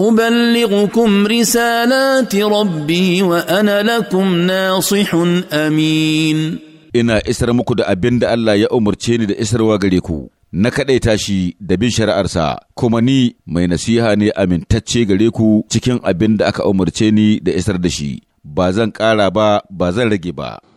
أبلغكم رسالات wa وأنا لكم ناصح amin. ina isar muku da abin da Allah ya umarce ni da isarwa gare ku na kaɗaita shi da bin shari'arsa kuma ni mai nasiha ne amintacce gare ku cikin abin da aka umarce ni da isar da shi ba zan ƙara ba ba zan rage ba